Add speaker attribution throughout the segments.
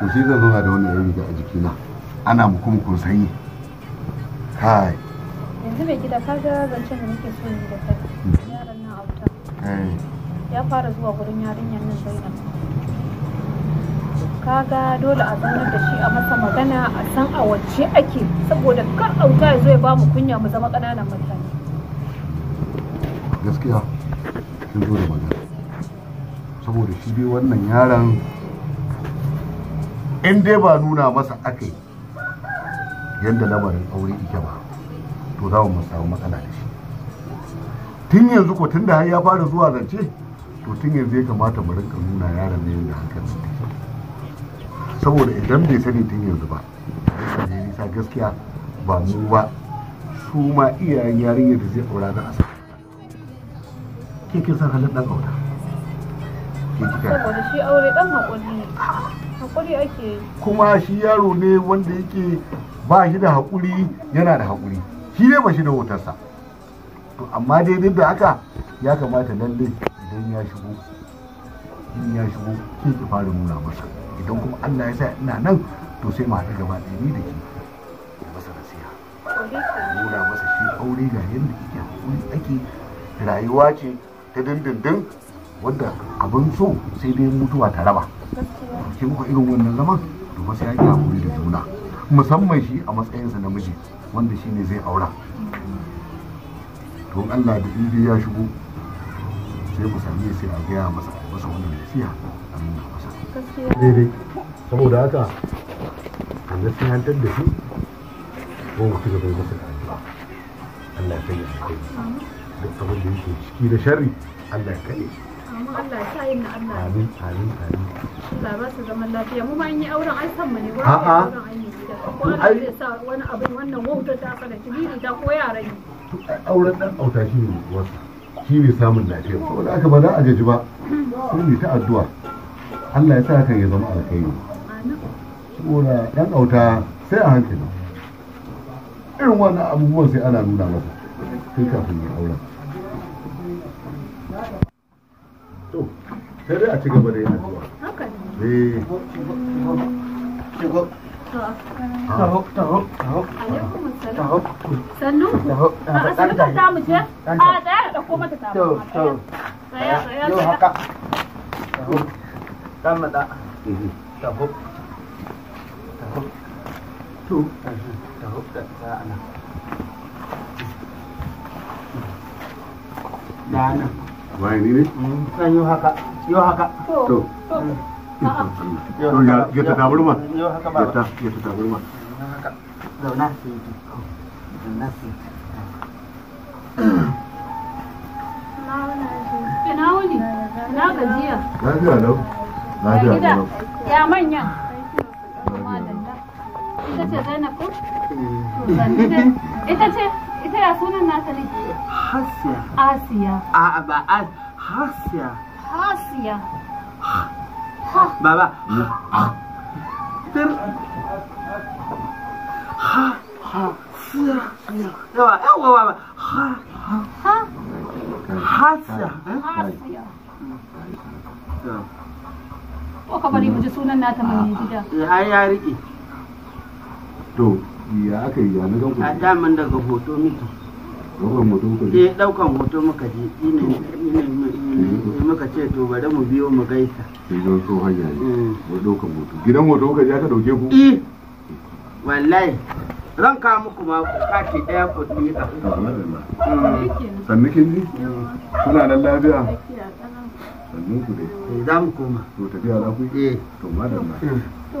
Speaker 1: to shi zan zauna da wannan riga a jikina ana kun sanyi kai
Speaker 2: yanzu mai gida ka ga zancen da nake so yi da kai hmm. yaron nan
Speaker 1: auta
Speaker 2: ya fara zuwa gurin yarinyar nan Ka kaga dole a zaunar da shi a masa magana a san a wacce ake saboda kar auta ya zo ya ba mu kunya mu zama ƙananan mutane
Speaker 1: gaskiya kin zo da magana saboda shi dai wannan yaron in dai ba nuna masa aka yi yadda lamarin aure ike ba to za mu samu matsala da shi tun yanzu ko tun da har ya fara zuwa zance to tun yanzu ya kamata mu rinka nuna yaron ne da hankali saboda idan bai sani tun yanzu ba ne nisa gaskiya ba mu ba su ma iyayen yarinyar da zai aura za a
Speaker 3: ke kin san halin dan aure
Speaker 1: ke kika saboda
Speaker 2: shi aure dan hakuri ne
Speaker 1: kuma shi yaro ne wanda yake ba shi da hakuri yana da hakuri shi ne ba shi da wutarsa to amma dai duk da haka ya kamata lalle idan ya shigo in ya shigo ke ki fara nuna masa idan kuma Allah ya sa ina nan to sai mu haɗu gaba ɗaya ni da ke masa nasiha
Speaker 2: nuna
Speaker 1: masa shi aure ga yadda kike hakuri ake rayuwa ce ta dindindin wanda abin so sai dai mutuwa ta raba suke muku irin wannan zaman to ba sai ya gina kuri da juna musamman shi a matsayinsa namiji wanda shi ne zai aura to Allah da in ya shigo sai ku sami sai a gaya masa masa wannan nasiha a nuna masa daidai saboda haka a nasihantar da shi ko ku bai masa da ba. Allah ya kai ya kai
Speaker 2: da
Speaker 1: abin da yake ciki da sharri Allah ya kai
Speaker 2: Allah sa yin na Allah. Amin
Speaker 1: amin abin.
Speaker 2: Allah ba Ko Allah zai wani abin wannan wautar ta fara ta ko yaran
Speaker 1: Auren dan auta shi ne wasa. Shi ne samun lafiya. Saboda ba za a gaji ba. Sai ta addu'a. Allah ya sa ya zama alkhairi. Saboda dan auta sai a hankali. Irin wannan abubuwan sai ana nuna masa. kai kafin ya auren. to sai dai a ci gaba đi, đi, addu'a haka ne eh
Speaker 4: shigo
Speaker 2: taho
Speaker 4: taho taho
Speaker 2: taho sannu
Speaker 4: a asibitin za mu je a
Speaker 2: tsaya da ko mata taho to to yau haka
Speaker 4: taho dan mata taho taho to taho da ana da ana waye ni ne dan yo haka
Speaker 1: ya
Speaker 2: ya Ita ce Zainabu? Ita ce? ya sunan nata ne? Hasiya. Asiya. A'a ba a Hasiya. Hasiya.
Speaker 4: Baba. Ha Ha. Ha. ha ha Ha ha Ha. Ha. Ha ha Ha ha Ha ha Ha ha Ha Ha
Speaker 2: Ha Ha
Speaker 4: ya Ha
Speaker 1: Ha ya aka yi ya na gan a
Speaker 4: daman daga hoto miki ɗaukan
Speaker 1: hoto muka je eh,
Speaker 4: daukan hoto muka je ina ina muka ce to bari mu biyo mu gaisa
Speaker 1: ki zo so hanya ne eh. mu hoto gidan hoto muka je aka dauke ku eh
Speaker 4: wallahi zan ka muku ma kati daya ku dika
Speaker 1: sannu kin ji kuna nan lafiya ku dai eh, za mu koma to tafiya za ku yi to madalla to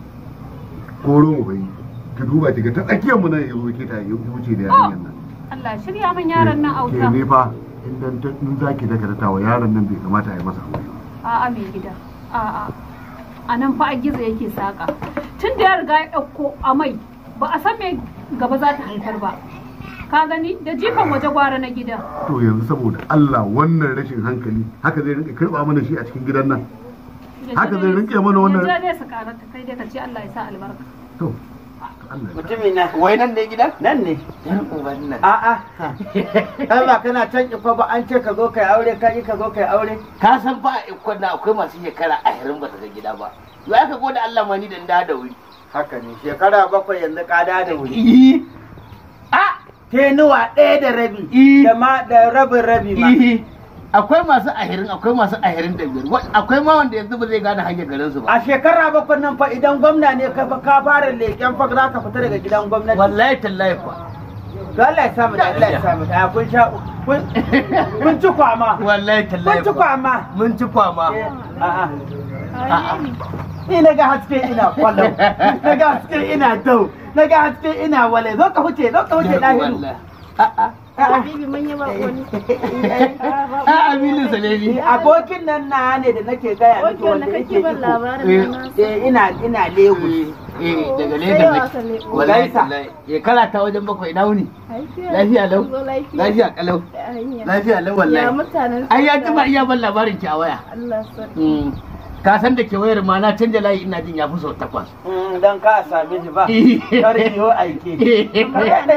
Speaker 1: koro mu bai ki duba ki ga ta tsakiyar mu nan yazo ki ta yi wuce da yarinyar
Speaker 2: nan oh! Allah shirya min yaron nan eh, auta ke ne
Speaker 1: fa in dan in zaki daga ta wa yaron nan bai kamata ya yi masa aure
Speaker 2: a'a mai gida a'a a nan fa a gizo yake saka tun da ya riga ya a mai, ba a san me gaba za ta haifar ba ka gani da jifan waje gwara na gida
Speaker 1: to yanzu saboda Allah wannan rashin hankali haka zai rinka karba mana shi a cikin gidan nan
Speaker 2: haka zai rinke mana wannan yanzu dai sakara ta kai dai ka ce Allah ya sa albarka to
Speaker 4: mutumi na wai nan ne gida nan ne a'a kai ba kana can ikwa ba an ce ka zo kai aure ka yi ka zo kai aure ka san ba ikwa na akwai masu shekara a ashirin ba su ga gida ba Ya ka gode Allah ma ni da nda da wuri haka ne shekara bakwai yanzu ka da da wuri a tenuwa ɗaya da rabi da ma da rabin rabi ma akwai masu ahirin akwai masu ahirin da biyar akwai ma wanda yanzu ba zai gane hanyar garin su ba a shekara bakwai nan fa idan gwamna ne ka ka fara leken fa za ka fita daga gidan gwamnati wallahi tallahi fa ga Allah ya samu da Allah ya samu da kun sha kun ci kwama wallahi tallahi kun ci kwama mun ci kwama eh, a'a a'a ni na ga haske ina kwallo na ga haske ina dau na ga haske ina wale zo ka huce zo ka huce lahiru a'a a aminin salemi abokin nan na ne da nake gaya miki wanda yake kiko eh ina ina lewu. eh, eh oh, daga lego ne wallahi ya karata wajen bakwai ina wuni
Speaker 2: lafiya lau lafiya kalau eh, lafiya lau wallahi ai ya jima
Speaker 4: iya ban labarin ki a waya
Speaker 2: Allah sarki mm.
Speaker 4: ka san da ke wayar ma na canja layi ina jin ya fi sau takwas. Mm, dan ka same shi ba, kare yau aiki. Kare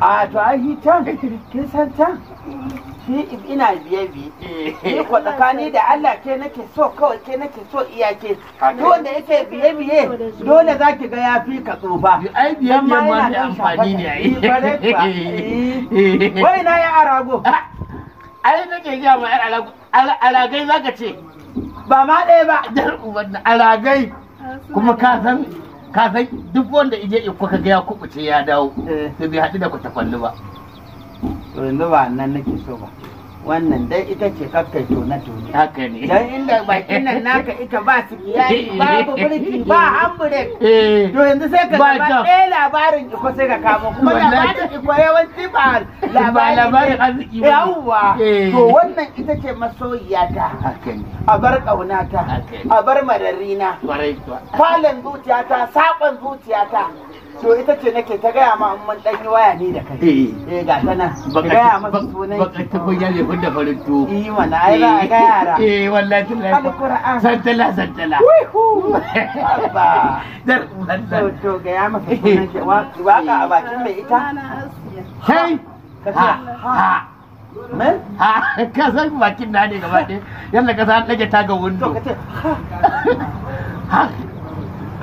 Speaker 4: a to a yi can kin san can shi ina biye biye eh. ni ko tsakani da Allah ke nake so kawai ke nake so iya ke to wanda yake biye biye dole za ki ga ya fi ka tsufa ai biye biye ma da amfani ne ai eh. wai na ya arago ah. ai nake ga ma yar alago alagai zaka ce ba ma ɗaya ba jar
Speaker 2: uban alagai kuma ka
Speaker 4: san ka san duk wanda ije iko ka ga ya kubuce ya dawo eh. to bai haɗu da kwatakwalli ba to yanzu ba nan nake so ba wannan dai ita ce kakkai tone tona haka ne dan inda bakin nan naka ita ba su biyayi babu birki ba hamburek eh. to yanzu sai ka gaba ɗaya labarin iko sai ka kama kuma labarin iko yawanci ba labarin arziki ba yawwa eh. to wannan ita ce masoyiya ta a bar ƙaunata a bar mararina ta, zuciyata saƙon zuciyata so ita ce nake ta gaya ma mun dan yi waya ne da kai eh. eh ga ta nan ba gaya ma sunan ba ta koya ne kun da farin to eh wala ai ba eh, ga yara eh wallahi tallahi alquran santala santala wuhu Allah dar to to ya ma sunan ke waka a bakin mai ita kai ha ha Men? Ha, ka san bakin na ne gaba ɗaya. Yalla ka san ɗage ta ga wundo. To ha.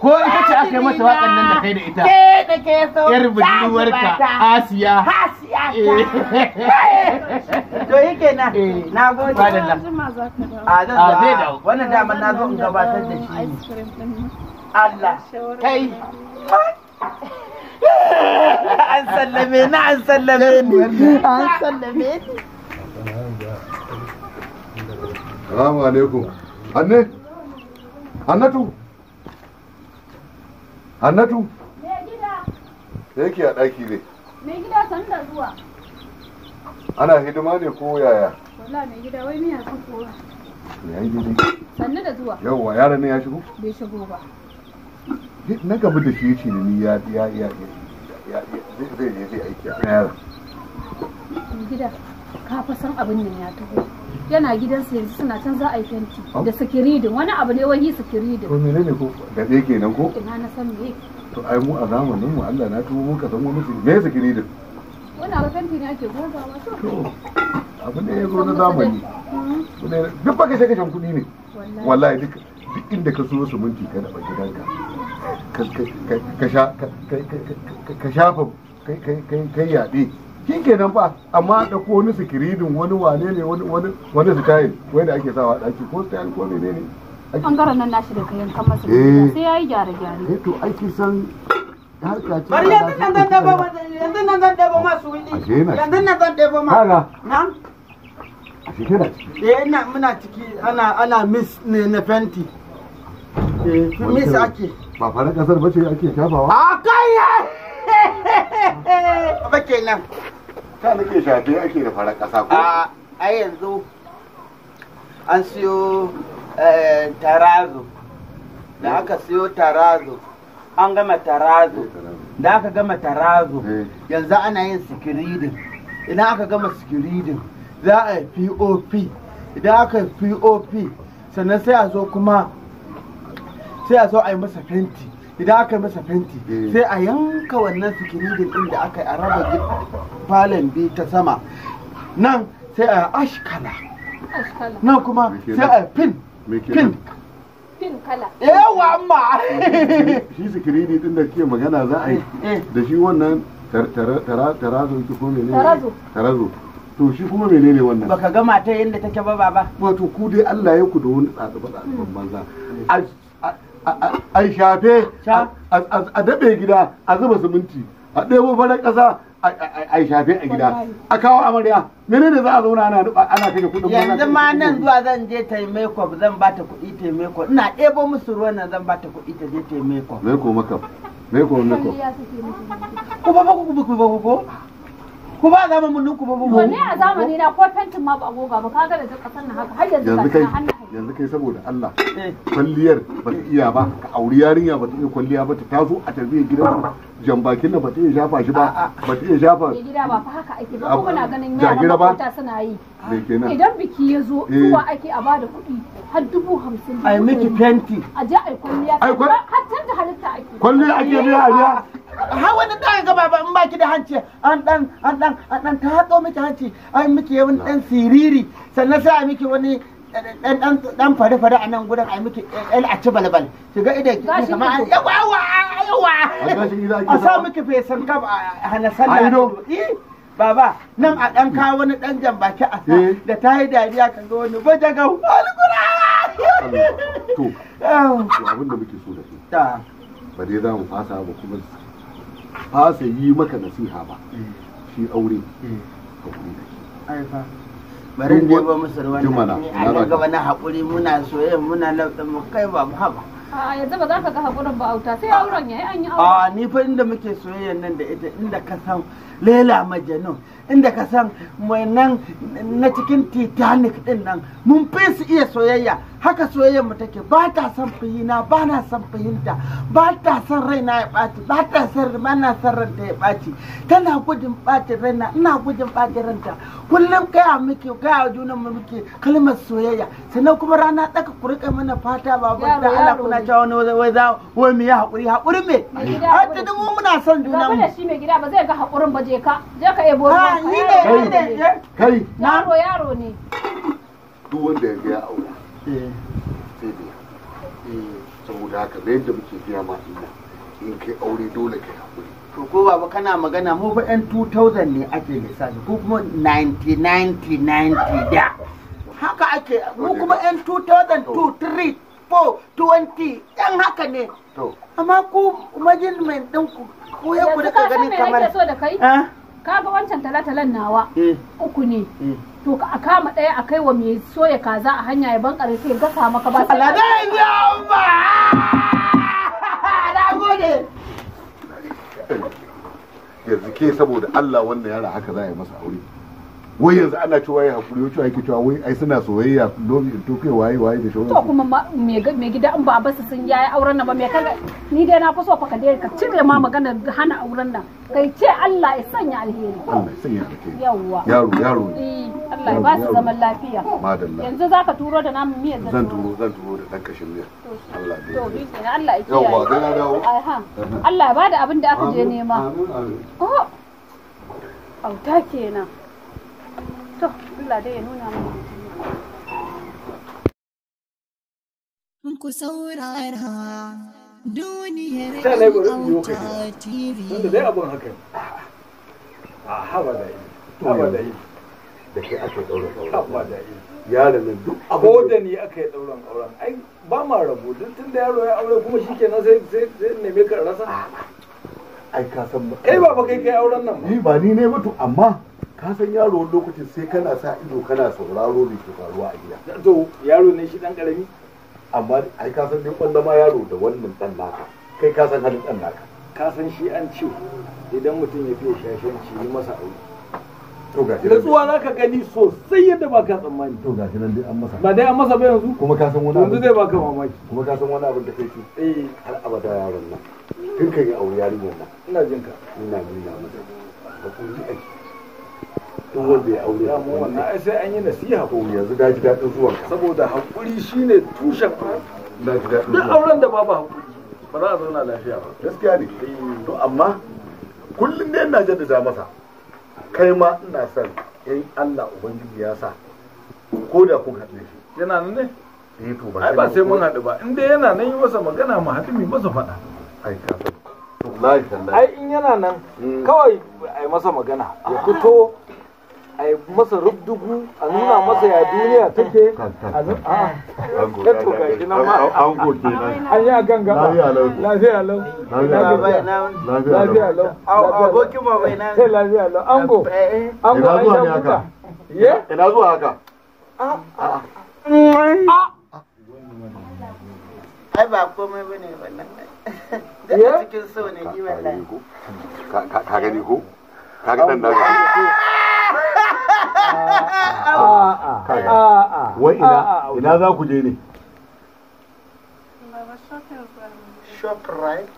Speaker 4: ko ita ce aka yi mata waƙan nan da kai da ita da ke so yar ka asiya asiya eh. to yake na eh. na gode ba da a
Speaker 2: ah, zai wannan dama na zo in gabatar
Speaker 4: da shi Allah kai an sallame na an sallame ni an sallame ni
Speaker 1: alaikum. Anne? Annatu? Hannatu?
Speaker 2: Me gida.
Speaker 1: Da yake a ɗaki ne.
Speaker 2: Me gida san da zuwa.
Speaker 1: Ana hidima ne ko yaya?
Speaker 2: Wallah me gida wai miya sun kowa. Ya yi gidi. Sannu da zuwa. Yawwa yaron ne ya shigo? Bai shigo ba.
Speaker 1: Na gaba da shi ya ce ni ya ya ya ya zai je zai aiki a yaron.
Speaker 2: Me gida ka fa san abin nan ya taho. yana gidansa yanzu suna can za a yi fenti da sikiridin wani abu ne wani sikiridin. ne menene
Speaker 1: ko da ke kenan ko?
Speaker 2: Ina na san me.
Speaker 1: To ai mu a zamanin mu Allah na tuwo muka san wani me sikiridin.
Speaker 2: Wani abu fenti ne ake gogawa to.
Speaker 1: Abu ne ya zo na zamani.
Speaker 2: Hmm.
Speaker 1: Duk baka sai kashen kuɗi ne. Wallahi duk inda ka so minti ka da gidanka. Ka shafa kai yaɗe. shi kenan fa amma da ko wani sikiridin wani wane ne wani wani wani style da ake sawa daki ko style ko mene ne
Speaker 2: bangaren nan nashi da kayan kan masu eh. sai yayi gyare gyare
Speaker 4: eh to aiki san harka ce bari yanzu nan zan dabo yanzu nan zan dabo masu wuli yanzu nan zan dabo ma kaga a shi kana ciki eh ina muna ciki ana ana miss ne na fenti eh miss ake ba fara kasar bace ake kafawa a kai ba kenan
Speaker 1: ta nake shafe ake da farar ƙasa ko
Speaker 4: a yanzu an siyo eh, tarazo da aka siyo tarazo an gama tarazo da aka gama tarazo eh. yanzu ana yin sikiridin idan aka gama sikiridin za a yi pop idan aka yi pop sannan sai a zo kuma sai a zo a yi masa fenti idan aka masa fenti eh. sai a yanka wannan sikiridin din da aka yi a raba falon bi ta sama nan sai a yi ashkala nan kuma sai a pin pin
Speaker 2: fin kala. Yawa
Speaker 4: amma.
Speaker 1: Shi sikiridi din da ke magana za a yi eh, eh. da shi wannan tarazo ki ko menene? Tarazo. To shi kuma menene wannan? Baka ga mata yadda take ba baba. Wato ku dai Allah ya ku da wani tsatsa ba tsatsa banza. Mm. a shafe a daɓe gida a zuba siminti a ɗebo farar ƙasa
Speaker 4: a
Speaker 1: shafe a gida a kawo amarya mene ne za a zauna ana ana kuɗin
Speaker 4: yanzu ma nan zuwa zan je ta yi zan ba ta kuɗi ta yi ina ɗebo musu ruwan nan zan ba ta kuɗi ta je ta yi makeup makeup makeup makeup ko ba ba ku ba ku ko ku ba zamanin mun ku ba mu ne a zamani
Speaker 2: na ko fentin ma ba goga ba kaga da ta kasar na haka har yanzu yanzu kai
Speaker 1: yanzu kai saboda Allah eh. kwalliyar ba ta iya ba ka auri yarinya ba ta iya kwalliya ba ta taso a tarbiyyar gidan jambakin nan ba ta iya shafa shi ba ba ta iya shafa
Speaker 2: gida ba fa haka ake ba kuma na ganin yara ba suna yi idan biki ya zo zuwa eh. ake a bada kuɗi har dubu hamsin a yi miki fenti a je a yi har canza halitta ake ake biya a biya har wani dan gaba ba in baki da
Speaker 4: hanci an dan an dan an dan ta hato miki hanci an miki yawan dan siriri sannan sai a miki wani dan dan dan fare fare a nan gudan a miki el a ci balbal ga idan ki kama yawa yawa yawa a sa miki fesan kaf a hana sallah eh, baba nan a dan kawo wani dan jambaki a sa eh. da ta yi dariya kan ga wani baje ga to abin
Speaker 1: da muke so da su ba dai za mu fasa ba kuma Ba sa yi maka nasiha ba mm. shi aure
Speaker 4: mm. ka kuri da shi bari da ba musu ruwan na gaba na haƙuri muna soyayya muna lauɗin mu kai ba mu haba
Speaker 2: a yanzu ba za ka ga haƙurin ba auta sai auren yi, an yi auren a
Speaker 4: ni fa inda muke soyayya nan da ita inda ka san lela majanun inda ka san nan na cikin titanic din nan mun fi su iya soyayya haka soyayyar mu take ba ta san fahina ba na son fahimta ba ta son raina ya ɓaci ba ta son ba na son ranta ya ɓaci tana gudun ɓacin raina ina gudun ɓacin ranta kullum gaya muke gaya junan mu muke kalmar soyayya sannan kuma rana ɗaka ku riƙa mana fata ba ba da Allah kuna cewa wani wai za wai mu yi haƙuri haƙuri me a
Speaker 2: tudu muna son junan mu. shi gida ba zai ga haƙurin ba je ka je ka ebo ruwan ni ne ni ne kai yaro yaro ne
Speaker 1: duk wanda ya ga ya aura eh sai biya eh saboda haka da yadda muke biya ma ina in kai aure dole kai hakuri
Speaker 4: to ko baba kana magana mu fa yan 2000 ne ake lissafi ko kuma 90 90 90 da haka ake mu kuma yan 2002 3 4 20 yan haka
Speaker 2: ne amma ku ku ko ya ku daga ganin kamar so da kai ka ga wancan talatalan nawa eh. uku ne eh. to a kama daya a kai wa mai soya kaza a hanya ya bankare sai gasa maka ba Allah dai ya na gode
Speaker 1: yanzu ke saboda Allah wannan yara haka za a yi masa aure wai yanzu ana cewa ya hakuri cewa ake cewa wai ai suna soyayya lobi in tokai waye waye da shawara to
Speaker 2: kuma me gida in ba basu sun yayi auren nan ba me kaga ni dai na fi so fa ka dai ka cire ma magana hana auren nan kai ce Allah ya sanya alheri Allah ya sanya alheri yawa yaro yaro eh Allah ya ba su zaman lafiya madalla yanzu zaka turo da namu miya zan
Speaker 1: turo zan turo da dan kashin miya
Speaker 2: Allah ya to ne Allah ya kiyaye yawa dai na dawo Allah ya bada abin da aka je nema amin amin oh auta kenan to Allah dai ya nuna ku saurara duniyar TV. Wanda
Speaker 3: dai abin haka a da yi, da yi. Da ke ake da yi. duk abin. da ni aka yi Ai ba ma rabu duk tun da yaro ya aure kuma shi kenan sai neme ka rasa.
Speaker 1: Ai ka san ba. Kai ba
Speaker 3: fa kai kai auren nan ba. Ni
Speaker 1: ba ni ne mutu amma ka san yaro wani lokacin sai kana sa ido kana sauraro da ke
Speaker 3: faruwa a gida to yaro ne shi dan karami amma ai ka san duk wanda ma yaro da wannan dan naka kai ka san halin dan naka ka san shi an ciwo idan mutum ya fiye ci yi masa aure natsuwa za ka gani sosai yadda ba ka tsammani to ga shi nan dai an masa ba dai an masa ba yanzu kuma ka san wani yanzu zai baka mamaki kuma ka san wani abin da kai ce
Speaker 1: eh har abada yaron nan tun kai aure yarinyar nan ina jin ka ina nuna masa
Speaker 3: ba ku ji aiki duk wanda ya aure mu wannan ai sai an yi nasiha ko yanzu da ji dadin zuwan saboda hakuri shine tushen da ji dadin zuwan auren da babu hakuri ba za a zauna lafiya ba gaskiya ne eh. to amma kullum ne ina jaddada
Speaker 1: masa kai ma ina son in Allah ubangiji ya sa ko
Speaker 3: da kun haɗe shi yana nan ne eh to ba ai ba sai mun haɗu ba in dai yana nan yi masa magana mu haɗu mu masa faɗa ai ka ai in yana nan hmm. kawai ai masa magana ya fito a yi masa rubdugu a nuna masa ya duniya take a an an yi a ganga lafiya lau lafiya lau lafiya lau
Speaker 4: abokin ma bai lafiya
Speaker 1: lau eh, eh. an an ye ina zuwa haka
Speaker 2: ah,
Speaker 4: ah. Ah, ai ba komai bane wannan da cikin so ne ji wallahi
Speaker 1: ka gani ko ka ga dan ko.
Speaker 4: a'a
Speaker 1: wai ina ina za ku je ne
Speaker 3: shoprite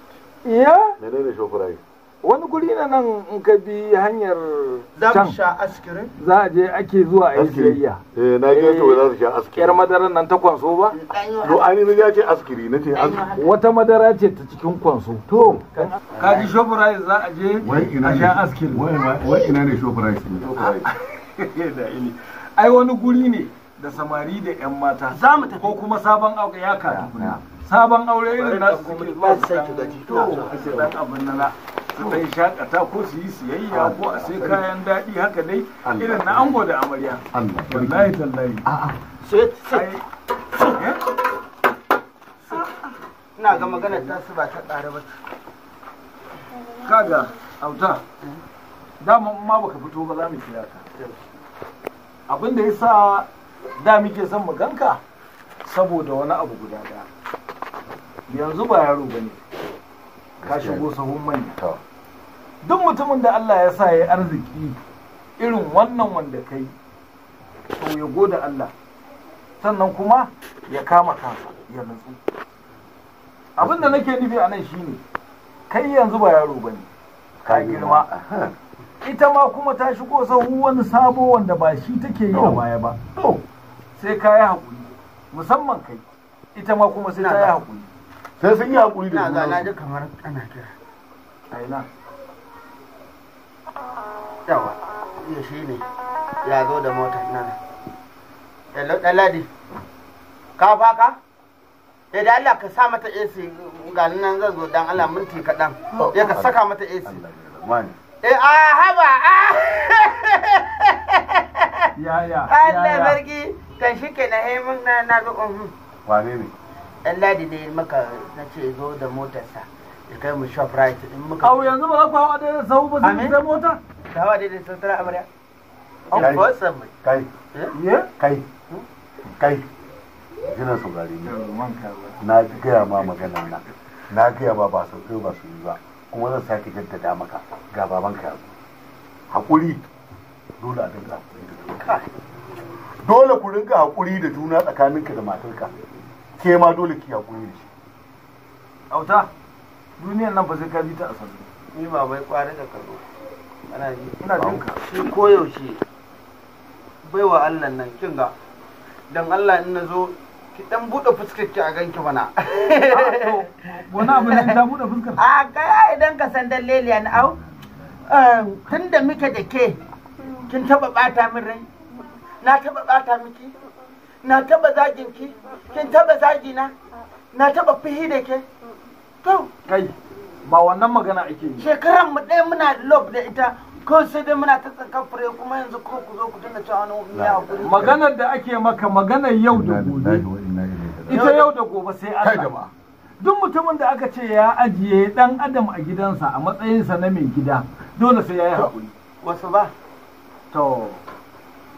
Speaker 3: iya menene shoprite wani guri na nan in ka bi hanyar can za a je ake zuwa a yi siyayya eh na ga to za su sha askiri. yar madarar nan ta kwanso ba to ani ne ya ce askiri na ce wata madara ce ta cikin kwanso to ka ji shoprite za a je a sha askirin wai ina ne shoprite ne da ai wani guri ne da samari da yan mata za mu ko kuma sabon aure ya kara sabon aure na su kuma ba su da abin su shakata ko su yi siyayya ko a sai kayan daɗi haka dai irin na ango da amarya kaga auta ma baka fito ba za mu kira ka abin da ya sa da muke son mu ganka saboda wani abu guda daya yanzu ba yaro ba ne ka shigo sahun manya duk mutumin da Allah ya sa ya arziki irin wannan wanda kai to ya goda Allah sannan kuma ya kama kansa ya nutsu abin da nake nufi a nan shine kai yanzu ba yaro ba ne ka girma ita ma kuma ta shigo sahu wani sabo wanda ba shi take yi a baya ba sai ka yi haƙuri musamman kai ita ma kuma sai ta yi haƙuri sai sun yi haƙuri da kuma na ji
Speaker 4: kamar ana kira aina yawa ya shi ne ya zo da motar nan yallo ɗaladi ka faka ya eh, da Allah ka sa mata AC ga nan zan zo dan Allah minti kaɗan ya ka saka mata AC Eh, a ah, haba, a ah. Ya Allah barki, kan shi ke na haimun eh, na na zo Wane ne? Dan ladi ne maka na ce zo da motarsa. Ya kai mu shop right in muka. Au yanzu ba za ku hawa da sau ba zai da mota? Ta hawa daidai sau tara amarya. Kai, kai, samu. Eh? Kai. Kai.
Speaker 1: Kai. Jina saurari ne. Na gaya ma maganan nan. Na gaya ba ba sau ba su yi ba. kuma zan sake jaddada maka ga babanka yanzu hakuri dole a dinga haƙuri da juna dole ku rinka hakuri da juna tsakaninka da matarka ke ma dole ki hakuri da shi
Speaker 3: auta duniyan nan ba zai
Speaker 4: kaji bi ta asali ni ba bai kwari da karo ana ji ina jinka shi koyaushe baiwa Allah nan kinga dan Allah in na zo ki dan bude fuskar ki a ganki mana wani abu ne ta bude fuskar a kai idan ka san dan leliya na au eh, tun da muke da ke kin taba bata min rai na taba bata miki na taba zagin ki kin taba zagi na na taba fihi da ke to kai ba wannan magana ake yi shekaran mu ɗaya muna love da ita ko sai dai muna ta tsakan fure kuma yanzu ko ku zo ku tana cewa wani ya hakuri maganar
Speaker 3: da ake maka maganar yau da gobe ita yau da gobe sai Allah duk mutumin da aka ce ya ajiye dan adam a gidansa a matsayinsa na mai gida
Speaker 4: dole sai ya yi haƙuri wasu ba to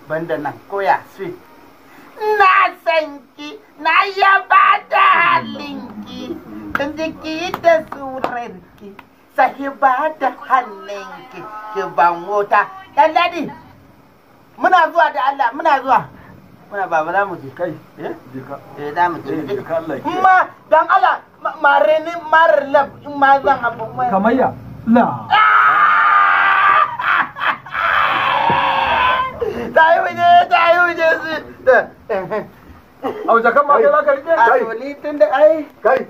Speaker 4: banda nan koya sai. na san ki na yaba da halinki jiki da surarki ba da hannunki ki ban wuta ɗan muna zuwa da Allah muna zuwa muna baba za mu je kai eh jika eh za mu je eh, jika ma dan Allah mare ni mar lab in ma zan abu mai kamayya la dai tayi waje tayi waje su au jakan ma kai zaka rike kai to ni tun da ai kai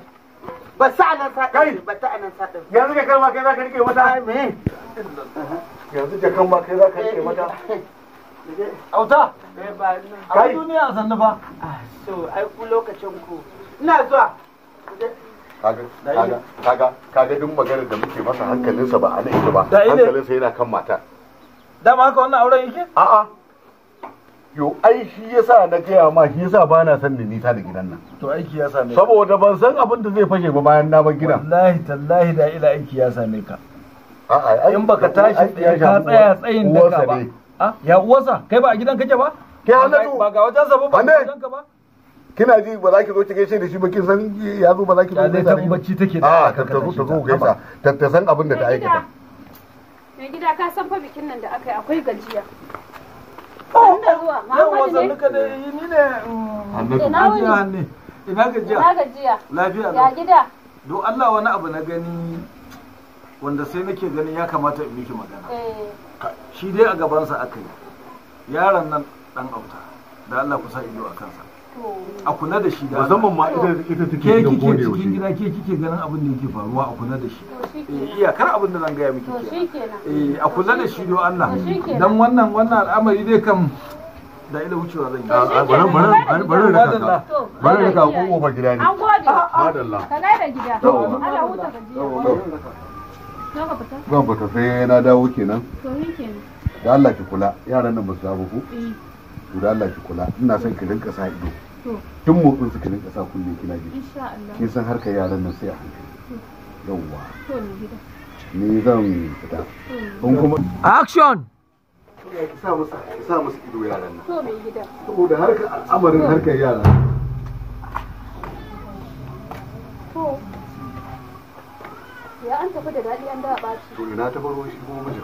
Speaker 4: ba sa nan sa kai ba ta nan sa yanzu ka jakan ma kai zaka rike mata ai me
Speaker 1: yanzu jakan ma kai zaka rike mata
Speaker 4: eh. Auta? Eh, Kai duniya a ba. Ah, so, ai ku lokacin ku. Ina
Speaker 1: Kaga, kaga, kaga duk maganar da muke masa hankalinsa ba a nan ita ba. Hankalinsa yana kan mata.
Speaker 3: Dama haka wannan auren yake? A'a.
Speaker 1: Yo, ai shi yasa na gaya ma shi yasa ba na san da nita da gidan nan.
Speaker 3: To aiki ya same ka.
Speaker 1: Saboda ban san abin da zai fashe ba bayan
Speaker 3: na bar gidan. Wallahi tallahi da ila aiki ya same ka. A'a, in baka tashi ka tsaya tsayin daka ba. ya uwarsa kai ba a gidan kake ba ke halatu ba ga wajen sa ba ba ka
Speaker 2: ba
Speaker 1: kina ji ba za ki zo ki gaishe da shi ba kin san ya zo ba za ki zo da shi bacci take da ah, a ta zo ta zo gaisa ta ta san abin da ta aikata
Speaker 2: mai gida ka san fa bikin nan da aka yi akwai gajiya
Speaker 3: Ina gajiya. Ina gajiya. Lafiya. Ya gida. Don Allah wani abu na gani wanda sai nake ganin ya kamata in miki magana
Speaker 1: eh.
Speaker 3: shi dai a gabansa aka yi yaron nan dan auta da Allah ku sa ido a kansa a kuna da shi da zaman ma ita take ke kike cikin gida ke kike ganin abin da yake faruwa a kuna da shi eh, iya kar abin da zan gaya miki ke eh, a kula da shi do Allah dan wannan wannan al'amari dai kam da ila wucewa zan yi bari
Speaker 1: bari bari da kanka bari da kanka ko ba gida ne an gode madalla kana da gida ana
Speaker 2: huta ji zan fita
Speaker 1: sai na dawo kenan da Allah ki kula yaran nan ba su dawo ku eh. to da Allah ki kula ina son ki rinka sa ido tun motsin su ki rinka sa kullum kina ji
Speaker 2: kin san harka yaran
Speaker 1: nan sai a hankali yawwa ni zan fita in kuma action ki sa musu sa musu ido yaran
Speaker 2: nan to mai gida saboda harkar
Speaker 1: al'amarin harkar yaran
Speaker 2: to ya an tafi da daɗi an da ɓaci to
Speaker 1: ina ta baro shi kuma mijin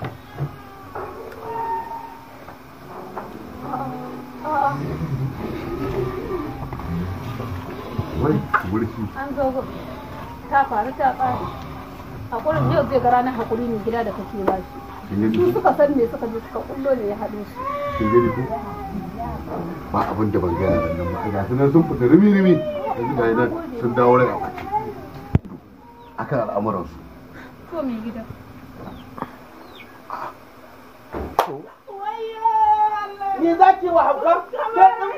Speaker 1: wai burki
Speaker 2: an zo ta faru ta ɓaci hakurin yau zai ga ranar hakuri ne gida da kake ba
Speaker 1: shi su suka
Speaker 2: san me suka je suka kullo ne ya haɗu shi
Speaker 1: kin gani ko ba abin da ban gaya da nan ba ga sunan sun fita rimi rimi yanzu ga nan sun dawo rai a ɓaci akan al'amuransu
Speaker 2: ko mai gida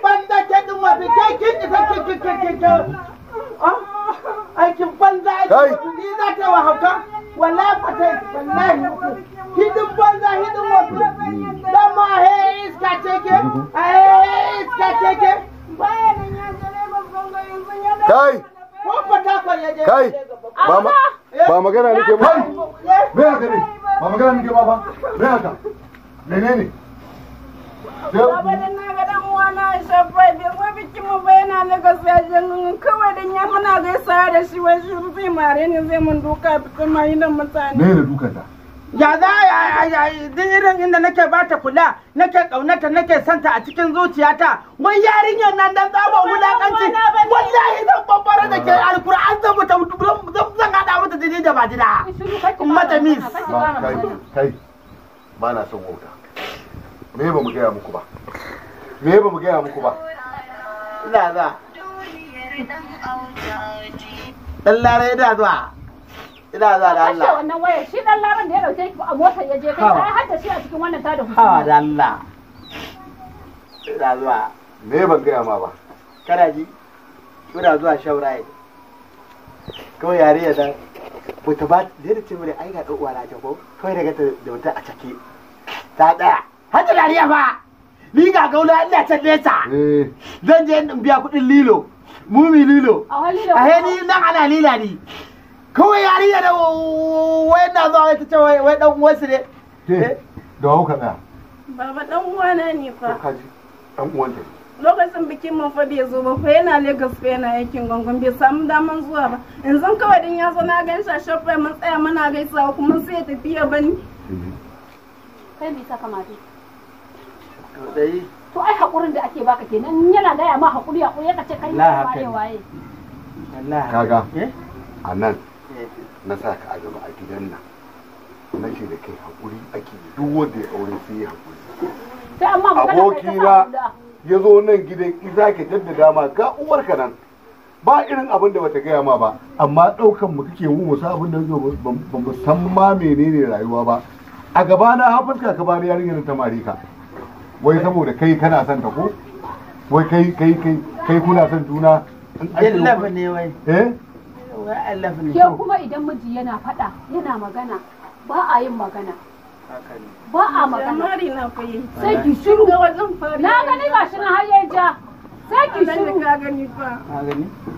Speaker 2: banza
Speaker 4: ni za wa hauka wallahi wallahi hidin banza hidin dan ma he iska ce ke he iska ce ke bayanin ya babban gari sun kai kai
Speaker 2: ba magana nake ba kai me haka ne ba magana nake
Speaker 1: ba ba me haka menene
Speaker 2: Baba da na ga dan uwana Isa Fry bai
Speaker 4: zo bikin mu ba yana Lagos ya jin kawai dan ya muna gaisa da shi wai shi zai mare ne zai mun duka fitin mai nan mutane. ne ne duka ta? ya za a duk irin inda nake bata kula nake kaunata nake santa a cikin zuciyata wai yarinyar nan dan tsaba wulakanci wallahi zan babbara da ke alkur'an zan mutu zan hada mata jini da jina mata mis
Speaker 1: kai ba na son wauta me ba mu gaya muku ba me ba mu gaya muku ba
Speaker 4: Ina za dan lare da zuwa ina za da Allah
Speaker 2: wannan wayar shi dan laran da ya dauke ki a motar ya je kai sai hadda shi a cikin wannan tada hukuma ha da Allah ina zuwa
Speaker 4: me ban gaya ma ba Kada ji muna zuwa shauraye kawai yare ya dan mutu ba da yadda ce mure ai ga ɗauwa na ko kawai daga ta da wata a ciki ta tsaya hajji lariya ba ni ga gaula ina can nesa eh. zan je in biya kuɗin lilo mumi lilo a he ni nan ana lila ne. kawai yariya da wai na zuwa ta ce wai dan uwansu ne eh?
Speaker 1: da hauka tsaya
Speaker 2: baba dan uwana ne fa kaji dan uwanta lokacin bikin mun fa bai zo ba fa yana Lagos fa yana yakin gungun bai samu daman zuwa ba yanzu kawai din ya zo na gan shi a shafai mun tsaya muna gaisawa kuma sai ya tafi ya bani mhm. kai bi saka mafi dai to ai hakurin da ake baka kenan yana gaya ma hakuri hakuri ya kace kai waye waye
Speaker 1: kaga eh? a nan na sa ka a gaba a gidan nan na ce da kai haƙuri ake duk wanda ya aure sai ya
Speaker 2: haƙuri abokina
Speaker 1: ya zo nan gidan iza ka jaddada dama ga uwarka nan ba irin abin da bata gaya ma ba amma ɗaukan mu kake mu musa abin da ba mu san ma menene rayuwa ba a gaba na hafuska ka bani yarinyar ta marika wai saboda kai kana son ta ko wai kai kai kai kai kuna son juna Yallaba ne wai. Eh?
Speaker 4: ke
Speaker 2: kuma idan miji yana faɗa yana magana ba a yin magana ba a magana sai ki shiru na gani ba shi na har ja sai ki shiru ka gani fa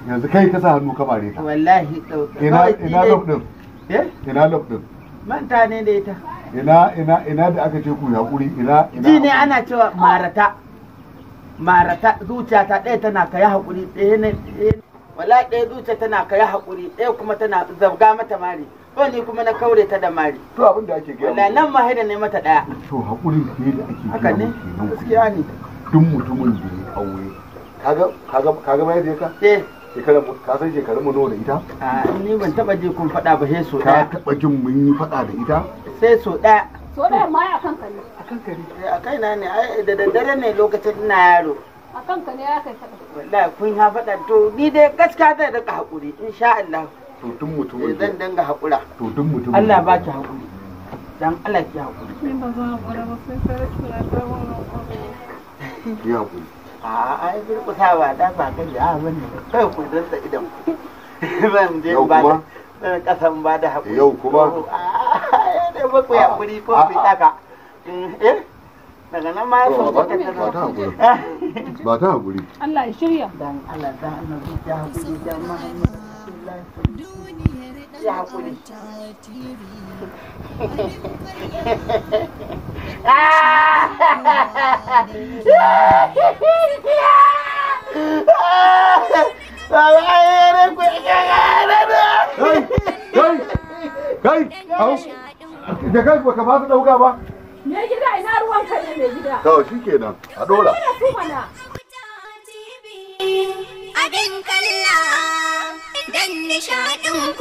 Speaker 1: yanzu kai ka sa hannu ka bare ta
Speaker 4: wallahi
Speaker 2: ina
Speaker 1: ina lob din eh ina lob din
Speaker 4: manta ne da ita
Speaker 1: ina ina ina da aka ce ku hakuri ina ina
Speaker 4: ji ne ana cewa marata marata zuciya ta ɗaya tana kai hakuri ɗaya ne wala ɗaya zuciya tana kai haƙuri ɗaya kuma tana zabga mata mari ko ni kuma na kaure ta da mari to abin da ake gaya wala nan ma haida ne mata ɗaya
Speaker 1: to haƙuri ke da ake haka ne gaskiya ne duk mutumin da ya aure kaga kaga kaga mai da ka eh shekarar ka san shekarar mu nawa da ita a ni ban taba
Speaker 4: je kun faɗa ba sai so ɗaya ka taba jin mun yi faɗa da ita sai so ɗaya
Speaker 2: so ɗaya ma akan kare
Speaker 4: kan kare a kaina ne ai da daddare ne lokacin ina yaro
Speaker 2: a kanka ne ya kai saka
Speaker 4: wallahi kun ya faɗa to ni dai gaskiya zai daga haƙuri insha Allah to duk mutumin eh, zan dinga haƙura to duk mutumin Allah ba ki haƙuri dan Allah ki haƙuri
Speaker 2: ni ba zan haƙura ba sai sai rashin lafiya wannan haƙuri
Speaker 4: a ai durƙusawa da ba kai ya bane kai ku rantsa idan ban je ba dan kasan ba da haƙuri yau kuma a ne ba ku haƙuri ko fitaka eh daga nan ma ya so ba ta hakuri ba
Speaker 1: ta hakuri
Speaker 2: Allah ya shirya dan Allah dan annabi ya hakuri da
Speaker 4: ya hakuri Kai, kai, kai, da kai ka ba ta ɗauka ba.
Speaker 2: Me gida ina ruwan ka ne me gida. To
Speaker 1: shikenan a dora.
Speaker 2: Abin kalla dan nishadin